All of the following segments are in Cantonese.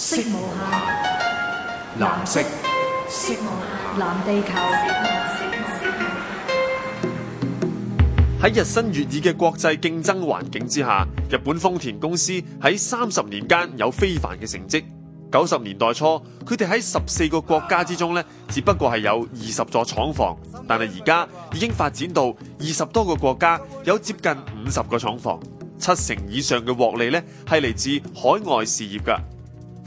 色無限，藍色。色無限，藍地球。喺日新月異嘅國際競爭環境之下，日本豐田公司喺三十年間有非凡嘅成績。九十年代初，佢哋喺十四個國家之中呢，只不過係有二十座廠房，但係而家已經發展到二十多個國家，有接近五十個廠房，七成以上嘅獲利呢，係嚟自海外事業㗎。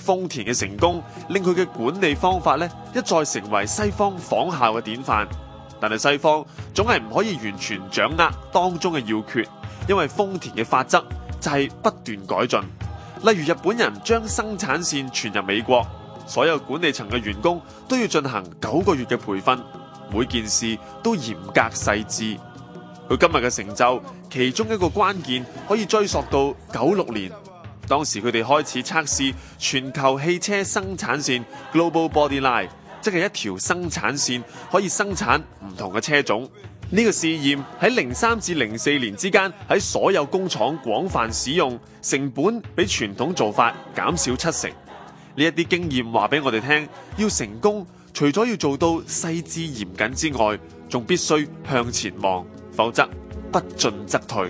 豐田嘅成功令佢嘅管理方法咧，一再成為西方仿效嘅典範，但係西方總係唔可以完全掌握當中嘅要訣，因為豐田嘅法則就係不斷改進。例如日本人將生產線傳入美國，所有管理層嘅員工都要進行九個月嘅培訓，每件事都嚴格細緻。佢今日嘅成就，其中一個關鍵可以追溯到九六年。當時佢哋開始測試全球汽車生產線 （Global Body Line），即係一條生產線可以生產唔同嘅車種。呢個試驗喺零三至零四年之間喺所有工廠廣泛使用，成本比傳統做法減少七成。呢一啲經驗話俾我哋聽，要成功，除咗要做到細緻嚴謹之外，仲必須向前望，否則不進則退。